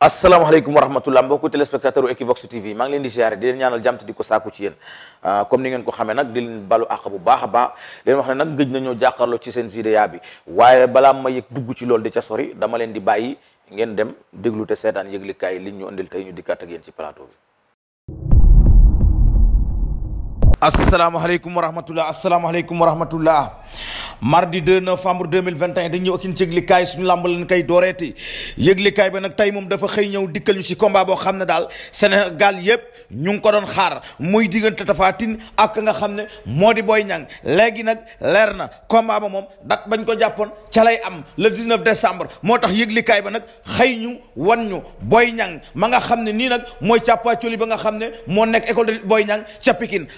asalaamaaleykum wa rahmatullah mbokku téléspectateur u Equivox TV maa ngi leen di ziare di leen ñaanal jàmm te di ko saaku ci yéen ah, comme ni ngeen ko xamee nag di leen balu àq bu baax a baax leen wax ne nag gëj nañoo jàkkaarloo ci seen sidéya bi waaye balaa ma yëg dugg ci loolu di ca sori dama leen di bàyyi ngeen dem déglu te seetaan yëglikaay yi liñ ñu indil tey ñu dikkaat ak yéen ci plateau bi asalaamaaleykum wa rahmatulah asalaamaaleykum wa rahmatulah mardi 2 novembre 2021 dañ ñëw ak yëglikaay suñu làmb lañ koy dooreeti yëglikaay ba nag tey moom dafa xëy ñëw dikkal ñu ci combat boo xam ne daal Sénégal yëpp ñu ngi ko doon xaar muy diggante Tapha tin ak nga xam ne moo di Boy Niang léegi nag leer na combat ba moom date bañ ko jàppoon ca lay am le 19 décembre moo tax yëglikaay ba nag xëy ñu wan ñu Boy Niang ma nga xam ne nii nag mooy càppaacoli ba nga xam ne moo nekk école de Boy Niang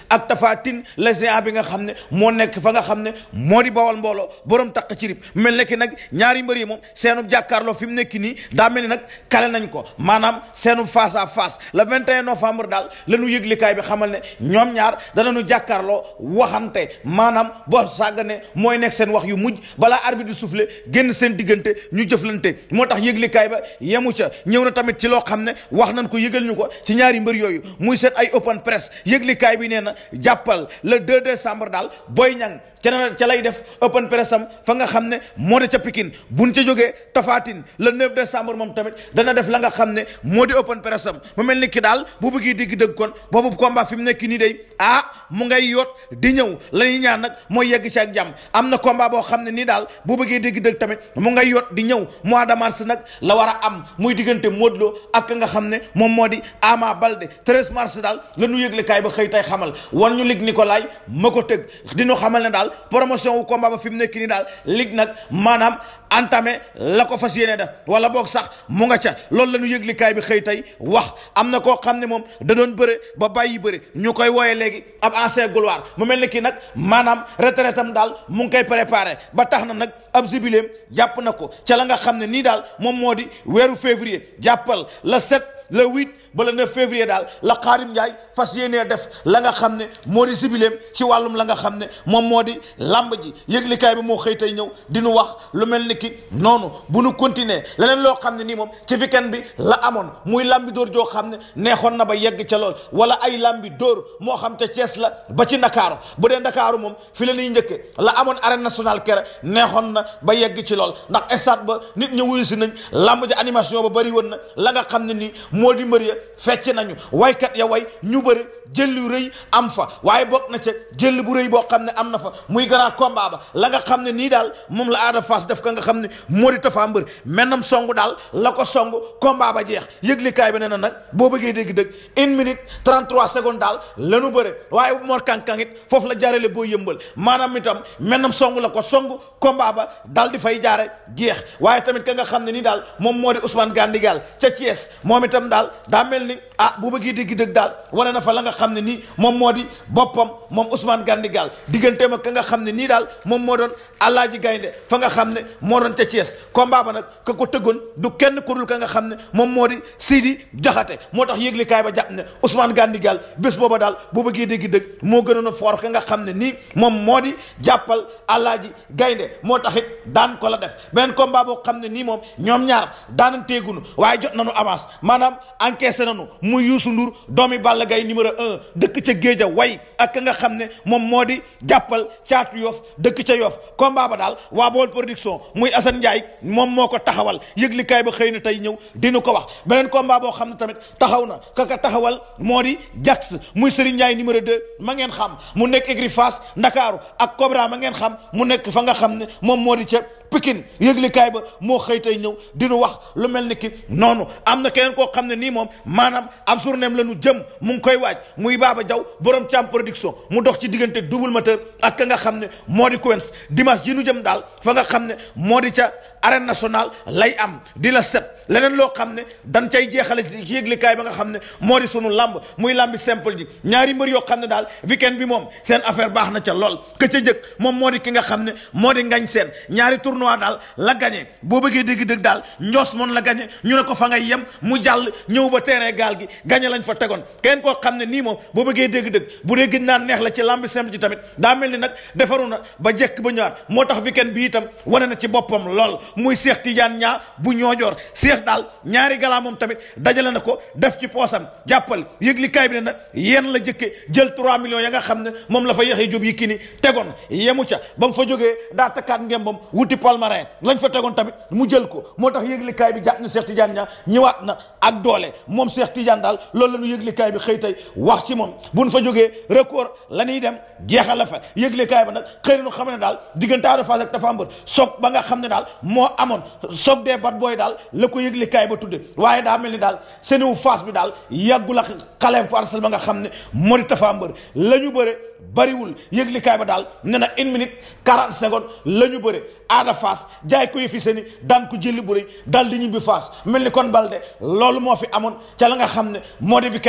ak tafaatin la géant bi nga xam ne moo nekk fa nga xam ne moo di bawal mbooloo borom taq ci rib mel ne nag ñaari mbër yi moom seenu jàkkaarloo fi mu nekk nii daa mel ni nag kale nañ ko maanaam seenub face à face le 21 nofembre daal la ñu yëglikaay bi xamal ne ñoom ñaar danañu jàkkaarloo waxante maanaam boo sàggane mooy nekk seen wax yu mujj balaa arbitre du soufflé génn seen diggante ñu jëflante moo tax yëglikaay ba yemu ca ñëw na tamit ci loo xam ne wax nañ ko yëgal ñu ko ci ñaari mbër yooyu muy seet ay open press yëglikaay bi nee na jàppal le 2 décembre daal Boy Niang ca ca lay def open press am fa nga xam ne moo de ca pikin bu buñ ca jógee Tafatine la 9 décembre moom tamit dana def la nga xam ne moo di open press am mu mel ni ki daal bu bëggee dégg dëgg kon boobu combat fi mu nekk nii day ah mu ngay yoot di ñëw la ñaan nag mooy yegg ci ak jàmm am na combat boo xam ne nii daal bu bëggee dégg dëgg tamit mu ngay yoot di ñëw mois de mars nag la war a am muy diggante Modou Lo ak nga xam ne moom moo di Ama Baldé 13 mars daal la ñu yëgle kaay ba xëy tay xamal wan ñu lig Nicolas ma ko tëg di ñu xamal ne daal daal promotion wu ko ba fi mu nekk nii daal lig nag maanaam entamé la ko fas yéene def wala boog sax mu nga ca loolu la ñu yëglikaay bi xëy tey wax am na koo xam ne moom da doon bëre ba bàyyi bëre ñu koy wooyee léegi ab ancien gloire mu mel ni kii nag maanaam retraite am daal mu ngi koy préparé ba tax na nag ab jubiléem jàpp na ko ca la nga xam ne nii daal moom moo di weeru février jàppal la 7 le 8 ba le 9 février daal la Xaadim Njaay fas yéenee def la nga xam ne moo di sibileem ci wàllum la nga xam ne moom moo di làmb ji yëglikaay bi moo xëy ñëw dinu wax lu mel ni ki noonu bu nu continuer leneen loo xam ne nii moom ci weekend bi la amoon muy làmbi dóor joo xam ne neexoon na ba yegg ca lool wala ay làmbi dóor moo xam te Cees la ba ci Ndakaaru bu dee Ndakaaru moom fi la ñuy njëkke la amoon arène nationale kere neexoon na ba yegg ci lool ndax stade ba nit ñi si nañ làmb ji animation ba bëri woon na la nga xam ne nii moo di mbër ya fecc nañu waykat ya way ñu bëri jël yu rëy am fa waaye bokk na ca jël bu rëy boo xam ne am na fa muy grand combat ba la nga xam ne nii daal moom la aada fas def ka nga xam ne moo di tafaa mbër mennam song daal la ko song combat ba jeex yëglikaay bi nee na nag boo bëggee dégg dëgg une minute daal la nu bëre waaye Mor Kànkang it foofu la jaarale boo yëmbal maanaam itam mennam song la ko song combat ba daal di fay jaare jeex waaye tamit ka nga xam ne nii daal moom moo di Ousmane Gandigal ca itam daal daa mel ni ah bu bëggee dégg dëgg daal wane na fa la nga xam ne nii moom moo di boppam moom Ousmane Gandigal digganteem ak ka nga xam ne nii daal moom moo doon Alaaji Gaynde fa xam ne moo doon ca Thiès combat ba nag ka ko tëggoon du kenn ku ka nga xam ne moom moo di Sidi Jaxate moo tax yëglikaay ba jàpp ne Ousmane Gandigal bés booba daal bu bëggee dégg moo gënoon a foor ka nga xam ne nii moom moo di jàppal Alaaji Gaynde moo tax it daan kola def beneen combat boo xam ne nii moom ñoom ñaar daan teegunu waaye jot nañu avance maanaam encaissé agsi nanu muy Youssou Ndour doomi Balla Gaye numéro un dëkk ca géeja way ak ka nga xam ne moom moo di jàppal caatu yof dëkk ca yof combat ba daal waa bool production muy Assane Ndiaye moom moo ko taxawal yëglikaay ba xëy na tey ñëw dina ko wax beneen combat boo xam ne tamit taxaw na kaka taxawal moo di Jax muy Serigne Ndiaye numéro deux ma ngeen xam mu nekk écurie Fass Ndakaaru ak Cobra ma ngeen xam mu nekk fa nga xam ne moom moo di ca Pikine yëglikaay ba moo xëy tey ñëw dinu wax lu mel ni ki noonu am na keneen koo xam ne nii moom maanaam ab journéem la ñu jëm mu ngi koy waaj muy Baba Diaw borom càmm production mu dox ci diggante double mateur ak ka nga xam ne moo di Quench dimanche ji nu jëm daal fa nga xam ne moo di ca arène nationale lay am di la set leneen loo xam ne dan cay jeexale yéeglikaay ba nga xam ne moo di sunu làmb muy làmbi simple ji ñaari mbër yoo xam ne daal weekend bi moom seen affaire baax na ca lool ka ca jëkk moom moo di ki nga xam ne moo di ngañ seen ñaari tournoi daal la gagné boo bëggee dégg-dëgg daal njoos moon la gagné ñu ne ko fa ngay yem mu jàll ñëw ba terrain gaal gi gagné lañ fa tegoon kenn koo xam ne nii moom boo bëggee dégg-dëgg bu dee gëj naa neex la ci làmbi simple ji tamit daa mel ni nag defaru na ba jekk ba ñëwaat moo tax weekend bi itam wane na ci boppam lool muy Cheikh Tidiane ñaa bu ñoojoor Cheikh daal ñaari galaa moom tamit dajale na ko def ci poosam jàppal yëglikaay bi ne na yéen la jëkke jël 3 millions ya nga xam ne moom la fa Yaxya Jóob Yékini tegoon yemu ca ba mu fa jógee daa takkaat ngembam wuti palmarin lañ fa tegoon tamit mu jël ko moo tax yëglikaay bi jàpp na Cheikh Tidiane ñaa ñëwaat na ak doole moom Cheikh Tidiane daal loolu la ñu yëglikaay bi xëy tey wax ci moom nu fa jógee record la ñuy dem jeexal la fa yëglikaay ba nag xëy na xam ne daal diggante Ada Fass ak Tapha Mbeur soog ba nga xam ne daal moo amoon soog dee bat booy daal la ko ko yëgle kaay ba tudde waaye daa mel ni daal seeniwu phase bi daal yàggul ak xaleem fu nga xam ne moo di Tapha la ñu bëre bariwul yëgle ba daal ne na une minute quarante la ñu bëre aada phase jaay ko yëfi seeni daan ko jëlli bu daal di ñibbi phase mel ni kon balde loolu moo fi amoon ca la nga xam ne moo di bi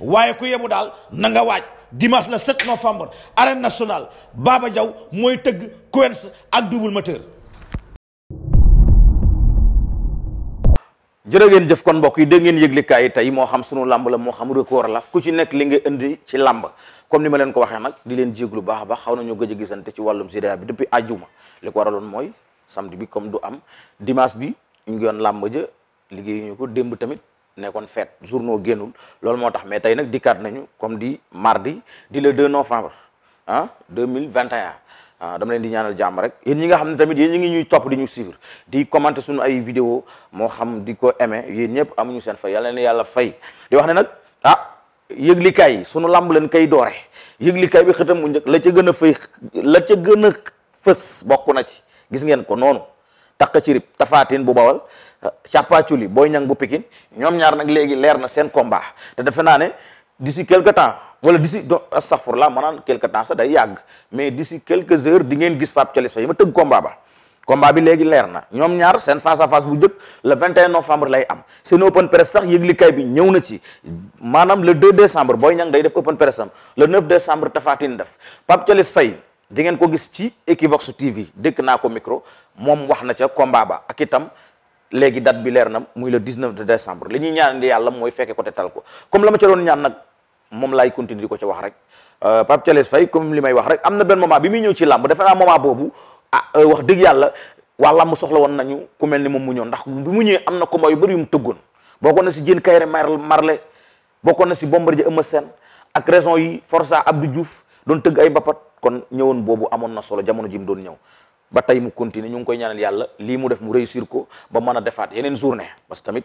waaye ku yebu daal na nga waaj dimanche le 7 novembre arène nationale Baba Diaw mooy tëgg Quench ak double moteur jërë ngeen jëf kon mbokk yi dégg ngeen yëglikaay yi tey moo xam sunu làmb la moo xam record la ku ci nekk li nga indi ci làmb comme ni ma leen ko waxee nag di leen jéglu baax baax xaw nañu gëj a gisante ci wàllum sidéa bi depuis àjjuma li ko waraloon mooy samedi bi comme du am dimanche bi ñu yoon làmb ja liggéey ñu ko démb tamit nekkoon feet journaux génnul loolu moo tax mais tey nag dikkaat nañu comme di mardi di le 2 novembre ah 2021 Ah, dama leen di ñaanal jàmm rek yéen ñi nga xam ne tamit yéen ñi ngi ñuy topp di ñu suivre di commenter suñu ay vidéo moo xam di ko aimer yéen ñëpp amuñu seen fay yàlla na yàlla fay di wax ne nag ah yëglikaay yi sunu làmb leen kay doore yëglikaay bi xëtam mu njëkk la ca gën a fay la ca gën fës bokk na ci gis ngeen ko noonu takk ci rib tafaatin bu bawal càppaaculi booy ñang bu pikin ñoom ñaar nag léegi leer na seen combat te defe naa ne d'ici quelque temps wala d'ici donc astaghfirullah maanaam quelque temps sax day yàgg mais d'ici quelques heures di ngeen gis Pape Thialis Faye ma tëgg combat ba combat leer na ñoom ñaar seen face à face bu njëkk le 21 novembre lay am seen open press sax yëglikaay bi ñëw na ci maanaam le 2 décembre Boy Niang day def open press am le 9 décembre Tapha Tine def Pape Thialis Faye di ngeen ko gis ci Equivox TV dëkk naa ko micro moom wax na ca combat ba ak itam léegi date bi leer na muy le 19 décembre li ñuy ñaan di yàlla mooy fekke ko te tal ko moom laay continuer di ko ci wax rek euh, Pape Thialis Faye comme li may wax rek am na benn moment bi muy ñëw ci làmb defe naa boobu ah euh, wax dëgg yàlla waa làmb soxla woon nañu ku mel ni moom mu ñëw ndax bi mu ñëwee am na combat yu bëri yu mu tëggoon bokkoon na si Diène Kaïré Marley bokkoon na si Bombardier Eumeu Sène ak raison yi Forza Abdou Diouf doon tëgg ay mbapat kon ñëwoon boobu amoon na solo jamono ji mu doon ñëw ba tey mu continuer ñu ngi koy ñaanal yàlla lii mu def mu réussir ko ba mën a defaat yeneen journée parce tamit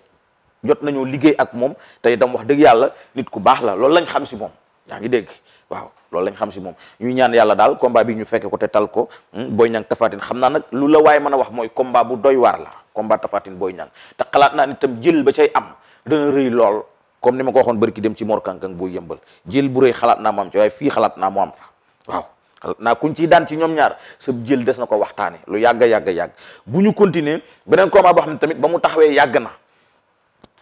jot nañoo liggéey ak moom te itam wax dëgg yàlla nit ku baax la loolu lañ xam si moom yaa ngi dégg waaw loolu lañ xam si moom ñuy ñaan yàlla daal combat bi ñu fekke ko te tal ko hmm, Boy Niang Tapha Tine xam naa nag lu la waaye mën a wax mooy combat bu doy waar la combat Tapha Tine Boy Niang te xalaat naa ni itam jël ba cay am dana rëy lool comme ni ma ko waxoon bërki dem ci Mor Kankang bu yëmbal jël bu rëy xalaat naa mu am ci xalaat naa mu am fa waaw xalaat naa kuñ ciy daan ci ñoom ñaar sa jël des na ko waxtaane lu yàgg a yàgg yàgg bu ñu continuer beneen combat boo xam ne tamit ba mu taxawee yàgg na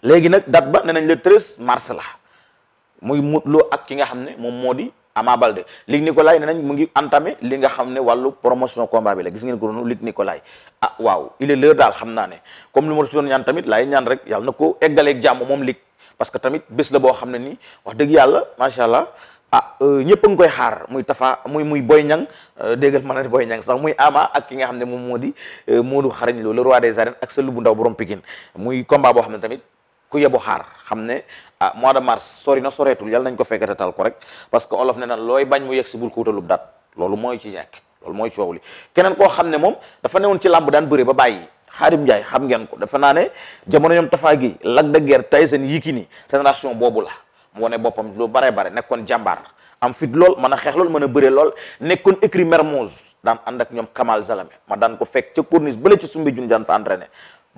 léegi nag date ba ne nañ le treize mars la muy mut Lo ak ki nga xam ne moom moo di Ama Balde Luc Nicolaï ne nañ mu ngi entamé li nga xam ne wàllu promotion combat bi la gis ngeen ko noonu Luc Nicolaï ah waaw il est l'heure xam naa ne comme lu ma si ñaan tamit laay ñaan rek yàlla na ko eggaleeg jàmm moom Luc parce que tamit bés la boo xam ne nii wax dëgg yàlla macha allah ah euh, ñëpp a ngi koy xaar muy tafa muy muy Boy Niang euh, déggal ma ne Boy Niang sax muy Ama ak ki nga xam ne moom moo di euh, Modou Xarañ Lo le roi des arènes ak sa lu bu ndaw borom Pikine muy combat boo xam ne tamit ku yebu xaar xam ne ah mois de mars sori na soreetul yàlla nañ ko fekkate tal ko rek parce que olof ne na looy bañ mu yegg si bul ko wutalub daat loolu mooy ci nekk loolu mooy coow li keneen koo xam ne moom dafa newoon ci làmb daan bëre ba bàyyi xaarim Ndiaye xam ngeen ko dafa naa ne jamono ñoom tafaa gi Lac de Guiers Tyson Yékini génération boobu la mu wane boppam lu bare bare nekkoon jàmbaar am fit lool mën a xeex lool mën a bëre lool nekkoon écrit Mermoz daan ànd ak ñoom Kamal ma daan ko fekk ca corniche bële ci sumbi jun daan fa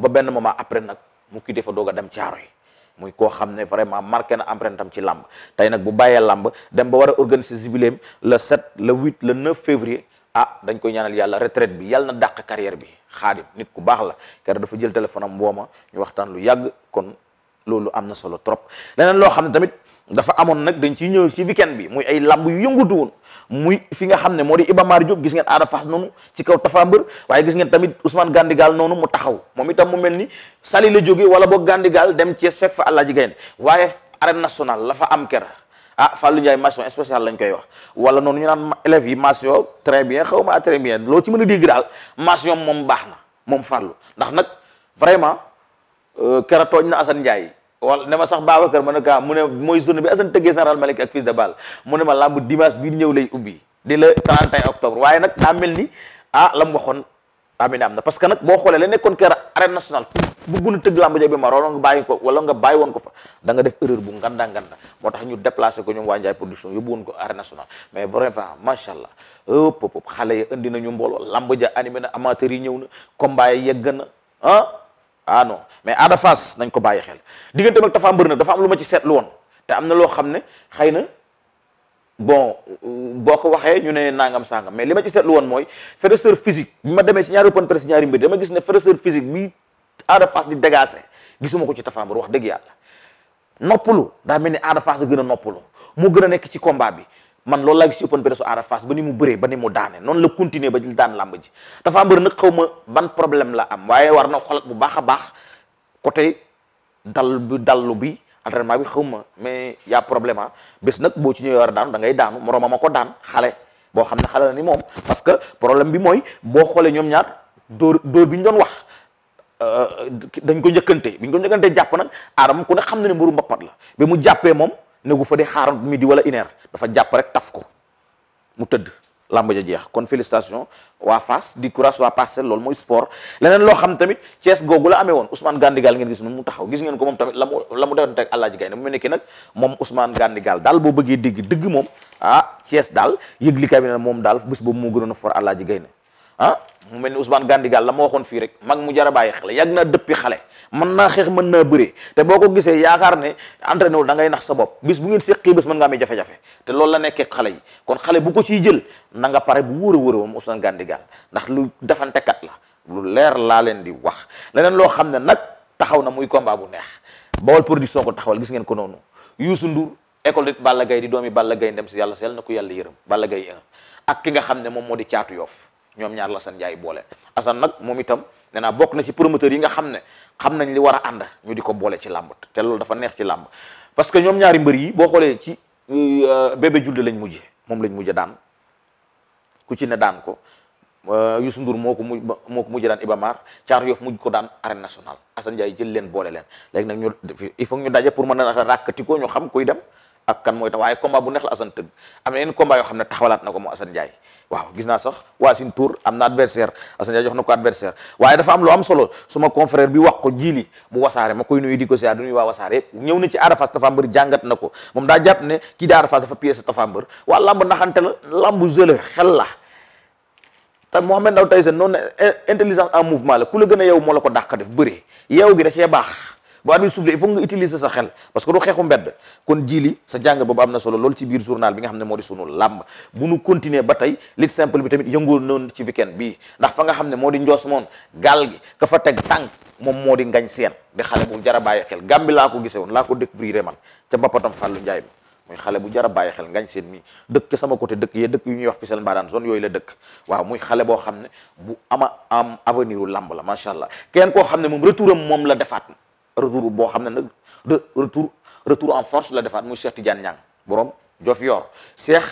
benn moment après nag mu quitté fa doog dem caaro yi muy koo xam ne vraiment marqué na empreinte am ci làmb tey nag bu bàyyee làmb dem ba war a organiser jubiléem le 7 le 8 le 9 février ah dañ koy ñaanal yàlla retraite bi yàlla na dàq carrière bi xaadim nit ku baax la car dafa jël téléphone am wooma ñu waxtaan lu yàgg kon loolu am na solo trop leneen loo xam ne tamit dafa amoon nag dañ ciy ñëw ci weekend bi muy ay làmb yu yëngutu woon muy fi nga xam ne moo di Iba Mar Diop gis ngeen Ada Fass noonu ci kaw Tapha Mbeur waaye gis ngeen tamit Ousmane Gandigal noonu mu taxaw moom itam mu mel ni sali la jóge wala boog Gandigal dem Thiès fekk fa Aladji Gaynde waaye arène national lafa am ker ah Fallou Ndiaye mention spéciale lañ koy wax wala noonu ñu naan élèves yi mention très bien xaw ma très bien loo ci mën a dégg daal mention moom baax na moom Fallou ndax nag vraiment euh, kera tooñ na Assane Ndiaye wala ne ma sax Babacar ma ne ko mu ne mooy journée bi Assane tëggee Général Malick ak Fils de Balla mu ne ma làmb dimanche bii ñëw lay ubbi di le 31 octobre waaye nag daa mel ni ah la mu waxoon amina am na parce que nag boo xoolee la nekkoon kër arène nationale bëgg na tëgg làmb jooju ma rooloon nga bàyyi ko wala nga bàyyi woon ko fa da nga def erreur bu nganda nganda moo tax ñu déplacé ko ñoom waa Njaay production yóbbu woon ko arène nationale mais vraiment macha allah ëpp ëpp xale ya indi nañu mbooloo làmb ja animé na amateur yi ñëw na combat yi yegg na ah ah non mais Ada Fass nañ ko bàyyi xel digganteem ak Tapha Mbeur nag dafa am lu ma ci seetlu woon te am na loo xam ne xëy na bon boo ko waxee ñu ne nangam sangam mais li ma ci seetlu woon mooy fraîcheur physique bi ma demee ci ñaari open press ñaari mbir dama gis ne fraîcheur physique bi Ada Fass di dégager gisuma ko ci Tapha Mbeur wax dëgg yàlla noppalu daa mel ni Ada Fass a gën a noppalu moo gën a nekk ci combat bi man loolu laa gis ci open press Ada Fass ba ni mu bëree ba ni mu daane noonu la continuer ba daan làmb ji dafa mbër nag xaw ma ban problème la am waaye war na xolat bu baax a baax côté dal bi dallu bi entraînement bi xaw ma mais y a problème ah. bés nag boo ci ñëwee war a da ngay daanu moroomam a ko daan xale boo xam ne xale la ni moom parce que problème bi mooy boo xoolee ñoom ñaar dóor dóor bi ñu doon wax euh, dañ ko njëkkante bi ñu ko njëkkante jàpp nag Adama ku ne xam na ne mbiru mbappat la bi mu jàppee moom negu fa di xaar midi wala une heure dafa jàpp rek taf ko mu tëdd làmb ja jeex kon félicitation waa Fass di courage waa Parcelles loolu mooy sport leneen loo xam tamit Thiès googu la amee woon Ousmane Gandigal ngeen gis nu ko moom tamit la mu la mu defoon teg Alaaji Gaynde mu mel ni ki nag moom Ousmane Gandigal daal boo bëggee dégg dëgg moom ah Thiès daal yëg li kay bi moom daal bés boobu moo gënoon a for Alaaji Gaynde ah mu mel ni Ousmane Gandigal la ma waxoon fii rek mag mu jar a bàyyi xel yàgg naa dëppi xale mën naa xeex mën naa bëree te boo ko gisee yaakaar ne entraîné wul da ngay nax sa bopp bis bu ngeen séqii bés mën nga amee jafe-jafe te loolu la nekkee xale yi kon xale bu ciy jël na nga pare bu wóor a wóor a moom Ousmane Gandigal ndax lu defantekat la lu leer laa leen di wax leneen loo xam ne nag taxaw na muy combat bu neex Baol Production ko taxawal gis ngeen ko noonu Youssou Ndour école de Balla Gaye di yi Balla Gaye ndem si yàlla sel na ko yàlla yërëm Balla gay ak ki nga xam ne moom moo di caatu yoof ñoom ñaar la Assane Ndiaye boole Assane nag moom itam nee bokk na ci promoteur yi nga xam ne xam nañ li war a ànd ñu di ko boole ci làmb te loolu dafa neex ci làmb parce que ñoom ñaari mbër yi boo xoolee ci euh, bébé julde lañ mujje moom lañ mujje daan ku ci ne daan ko euh, Youssou Ndour moo ko mujj moo ko mujj daan Ibamar Thiar Yoff mujj ko daan arène nationale Assane Ndiaye jël leen boole leen léegi nag ñu il faut ñu daje pour mën a ràkkati ko ñu xam kuy dem ak kan mooy tax waaye combat bu neex la Assane tëgg am na yeneen combat yoo xam ne taxawalaat na ko moom Assane Ndiaye waaw gis na adversaire Assane am lu am solo suma confrère bi wax ko jiili bu wasaare ma koy nuyu di ko si du nuyu waa wasaare na ci Ada Fass Tapha Mbeur daa jàpp ne kii di Ada Fass dafa pièce Tapha Mbeur waa lamb naxante xel la te Mohamed Ndao Tyson noonu intelligence en mouvement la ku la gën a yow moo la ko dàq def bëri yow gi da cee baax bu arbitre soufflé il faut nga utiliser sa xel parce que du xeexu mbedd kon jili sa jàng boobu am na solo loolu ci biir journal bi nga xam ne moo di sunu làmb bu nu continuer ba tey lit simple bi tamit yëngul noonu ci weekend bi ndax fa nga xam ne moo di njoos moon gaal gi ka fa teg tànk moom moo di ngañ seen di xale bu jara bàyyi xel gàmbi laa ko gise woon laa ko découvrir man ca mbappatam fàllu njaay bi muy xale bu jara bàyyi xel ngañ seen mi dëkk ca sama côté dëkk yee dëkk yu ñuy wax Fissel Mbadane zone yooyu la dëkk waaw muy xale boo xam ne bu ama am avenir u la macha allah kenn koo xam ne moom retouram moom la defaat retour boo xam ne nag retour retour en force la defaat muy Cheikh Tidiane Niang borom jof yor Cheikh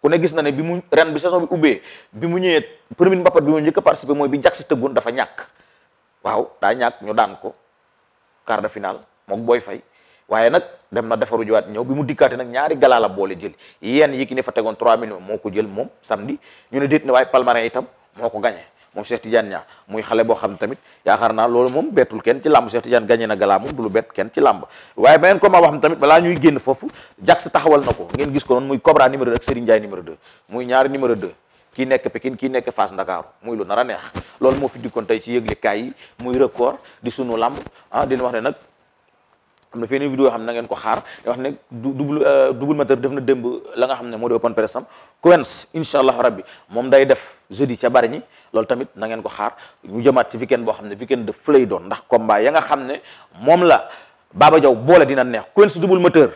ku ne gis na ne bi mu ren bi saison bi ubbee bi mu ñëwee premier mbappat bi mu njëkk a mooy bi Jax si tëggoon dafa ñàkk waaw daa ñàkk ñu daan ko quart de finale moom Boy Faye waaye nag dem na defaru jiwaat ñëw bi mu dikkaate nag ñaari galaala boole jël yéen yi ki ne fa tegoon 3 millions moo ko jël moom samedi ñu ne déet ne waaye palmarin itam moo ko gagné moom Cheikh Tidiane Niang muy xale boo xam ne tamit yaakaar naa loolu moom bettul kenn ci làmb Cheikh Tidiane gagné na galaa du lu bett kenn ci làmb waaye beneen combat boo xam tamit balaa ñuy génn foofu Jax taxawal na ko ngeen gis ko noonu muy Cobra numéro 2 ak Serigne Ndiaye numéro 2 muy ñaari numéro 2 kii nekk Pikine kii nekk Fass Ndakaaru muy lu nar a neex loolu moo fi dikkoon tey ci yëgle kaay muy record di sunu làmb ah dina wax ne nag am na feneen yoo xam ne na ko xaar te wax ne double euh, double moteur def na démb la nga xam ne moo di open press am Quench incha allahu rabbi moom day def jeudi ca bari ñi loolu tamit na ngeen ko xaar ñu jëmaat ci fi weekend boo xam ne weekend de lay doon ndax combat ya nga xam ne moom la Baba Diaw boole dina neex Quench double mateur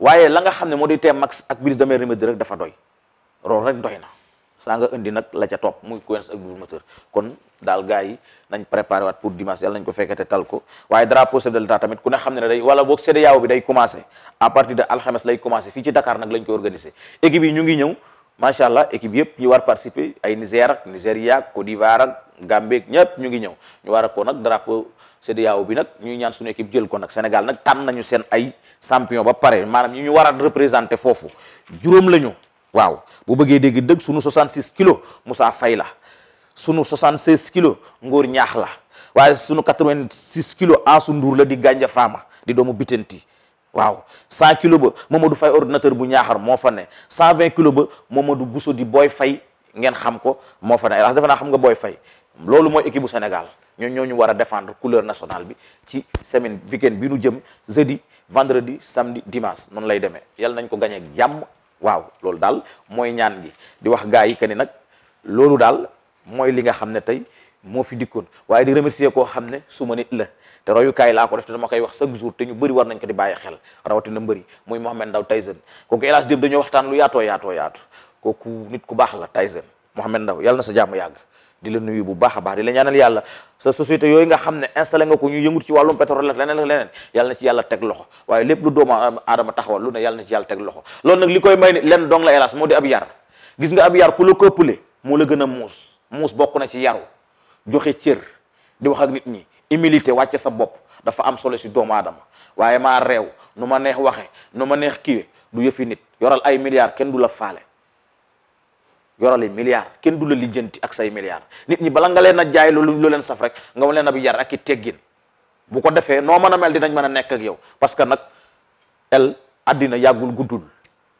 waaye la nga xam ne moo di tee max ak brise de mer numéro rek dafa doy loolu rek doy na saa nga indi nag la ca topp muy Queens ak double kon daal gars yi nañ préparé waat pour dimanche yàlla nañ ko fekkete tal ko waaye drapeau chef de tamit ku ne xam ne ne day wala boog CEDEAO bi day commencé à partir de alxames lay commencé fii ci Dakar nag lañ ko organisé équipe yi ñu ngi ñëw macha allah équipe yëpp ñu war participer ay Niger ak Nigeria ak Côte d'Ivoire ak Gambie ñëpp ñu ngi ñëw ñu war a ko nag drapeau CEDEAO bi nag ñuy ñaan suñu équipe jël ko nag Sénégal nag tànn nañu seen ay ba pare maanaam ñi ñu war a représenté foofu juróom la ñu waaw bu bëggee dégg dëgg sunu 66 kilos Moussa Faye la sunu 76 kilos Ngor Ñaax la waaye sunu 86 kilos Asu Nduur la di Gànja Faama di doomu Bitenti waaw 100 kilos ba du fay ordinateur bu ñaaxar moo fa ne 120 kilos ba du Bousso di Boy fay ngeen xam ko moo fa ne ndax naa xam nga Boy Faye loolu mooy équipe bu Sénégal ñoom ñoo ñu war a défendre couleur nationale bi ci semaine weekend bi nu jëm jeudi vendredi samedi dimanche noonu lay demee yàlla nañ ko gagné ak jàmm. waaw loolu daal mooy ñaan gi di wax gaa yi que ni nag loolu daal mooy li nga xam ne tey moo fi dikkoon waaye di remercier koo xam ne suma nit la te royukaay laa ko def te dama koy wax chaque jour te ñu bëri war nañ ko di bàyyi xel rawatina mbëri muy Mohamed Ndao Tyson kooku hélas dem dañoo waxtaan lu yaato yaatoo yaatu kooku nit ku baax la Tyson Mohamed ndaw yàlla na sa jàmm yàgg di la nuyu bu baax a baax di la ñaanal yàlla sa société yooyu nga xam ne installé nga ko ñu yëngut ci wàllum pétrole ak leneen ak leneen yàlla na yàlla teg loxo waaye lépp lu doomu adama taxawal lu ne yàlla na yàlla teg loxo loolu nag li koy may lenn dong la hélas moo di ab yar gis nga ab yar ku la ko ëppale moo la gën a muus muus bokk na ci yaru joxe cër di wax ak nit ñi humilité wàcce sa bopp dafa am solo si doomu aadama waaye maa réew nu ma neex waxe nu ma neex kiwe du yëfi nit yoral ay milliards kenn du la faale yorale milliards kenn du la lijjanti ak say milliards nit ñi bala nga leen a jaay loolu lu leen saf rek nga leen a bi yar ak i teggin bu ko defee noo mën a mel dinañ mën a nekk ak yow parce que nag el àddina yàggul guddul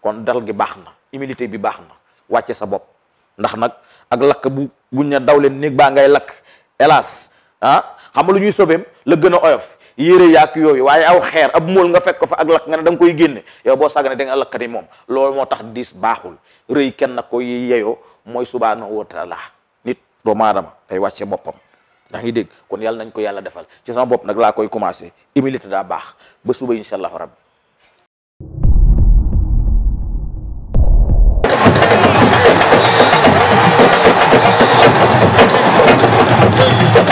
kon dal gi baax na humilité bi baax na wàcce sa bopp ndax nag ak lakk bu buñ ne daw leen néeg baa ngay lakk hélas ah xam nga lu ñuy sobeem la gën a oyof yére yaa yàq yooyu waaye aw xeer ab mool nga fekk ko fa ak lakk nga ne da koy génne yow boo sàggane da nga lakkati moom loolu moo tax diis baaxul rëy kenn nag ko yeyoo mooy subhaanahu nit doomu aadama day wàcce boppam yaa ngi dégg kon yàlla nañ ko yàlla defal ci sama bopp nag laa koy commencé humilité daa baax ba suba incha allahu rabbi